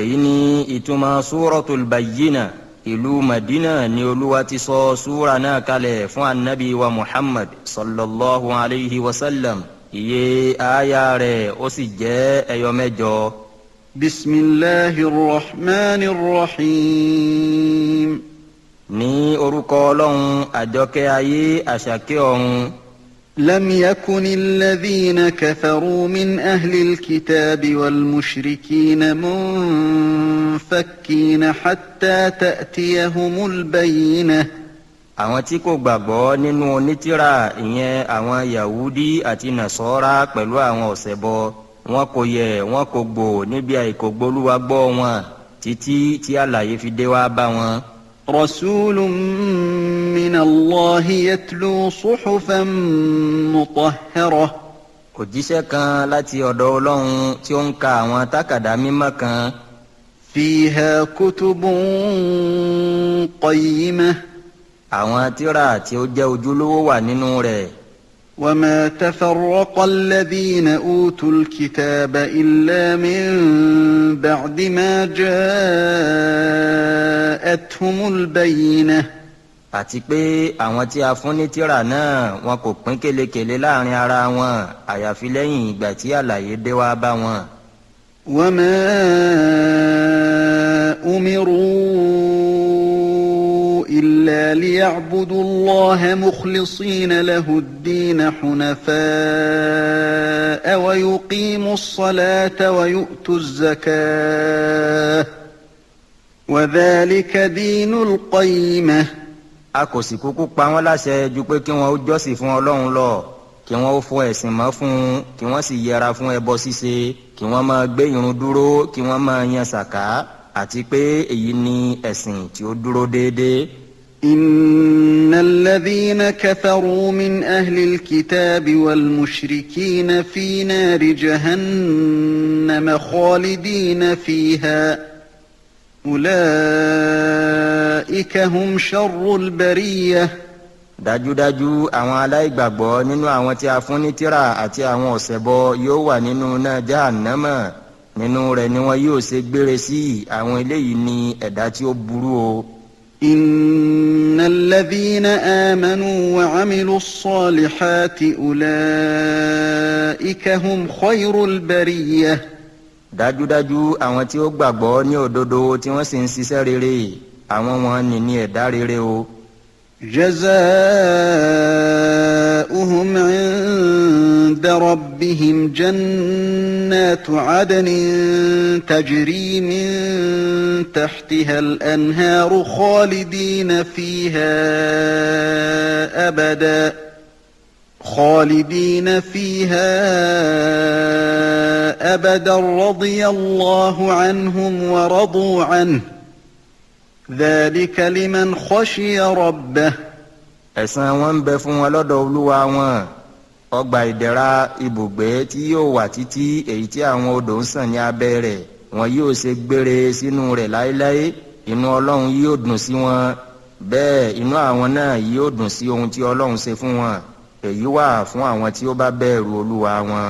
èyí ni ìtumọ̀ suratul bayyina ìlú madina ni olúwa ti sọ súra náà kalẹ̀ fún anabi wa muhammad sallallahu alayhi wa sallam iye aya rẹ̀ ó sì jẹ́ ẹyọ mẹ́jọ. bisimilahi rahmani rahim. ní orúkọ ọlọ́run àjọkẹ́ ayé àṣàkẹ́ ọ̀run. لم يكن الذين كفروا من أهل الكتاب والمشركين منفكين حتى تأتيهم البينة àwọn tí kò gbàgbọ́ nínú onítìrà ìyẹn àwọn yahudi àti nasọ́ra pẹ̀lú àwọn ọ̀sẹ̀bọ wọn kò yẹ wọn kò gbò níbi àìkògbólúwa gbọ́ wọn títí tí àlàyé fi dé wá bá wọn. رسول من الله يتلو صحفا مطهرة òjíṣẹ́ kan láti ọ̀dọ̀ ọlọ́run tí ó ń ka àwọn tákàdá mímọ́ kan. فيها كتب قيمة. àwọn tíra tí ó jẹ́ ojúlówó wà nínú rẹ̀. وما تفرق الذين أوتوا الكتاب إلا من بعد ما جاء جاءتهم البينة àti pé àwọn tí a fún ní tírà náà wọn kò pín kélekèle láàrin ara wọn àyàfi lẹ́yìn ìgbà tí àlàyé dé wá bá wọn. وما أمروا إلا ليعبدوا الله مخلصين له الدين حنفاء ويقيموا الصلاة ويؤتوا الزكاة وذلك دين القيمة أكو سيكوكو قاوان لا سيجو بي كي وان جو سي فون لون كي وان فون اسن ما فون كي وان سي يرا فون ابو سي سي كي وان ما بي يون دورو كي وان ما يان ساكا أتي بي ييني اسن تيو دورو دي دي إن الذين كفروا من أهل الكتاب والمشركين في نار جهنم خالدين فيها أولئك هم شر البرية داجو داجو أوان لا يقبو ننو أوان تيافون تيرا أتي أوان سبو يووا ننو نجان نما ننو رنو يو سيبرسي أوان ليني أداتي وبرو إن الذين آمنوا وعملوا الصالحات أولئك هم خير البريه dájúdájú àwọn tí ó gbàgbọ́ ní òdodo tí wọ́n sì ń ṣiṣẹ́ rere àwọn wọn ni ní ẹ̀dá rere o. جزاؤهم عند ربهم جنات عدن تجري من تحتها الأنهار خالدين فيها أبداً خالدين فيها أبدا رضي الله عنهم ورضوا عنه ذلك لمن خشي ربه ẹ̀san wọn ń bẹ fún wọn lọ́dọ̀ olúwa wọn ọgbà ìdẹ̀ra ibùgbé tí yóò wà títí èyí tí àwọn odò ń sàn ní abẹ́ rẹ̀ wọn yóò ṣe gbére sínú rẹ̀ láéláé inú ọlọ́run yóò dùn sí wọn bẹ́ẹ̀ inú àwọn náà yóò dùn sí ohun tí ọlọ́run ṣe fún wọn èyí wà fún àwọn tí ó bá bẹ̀rù olúwa wọn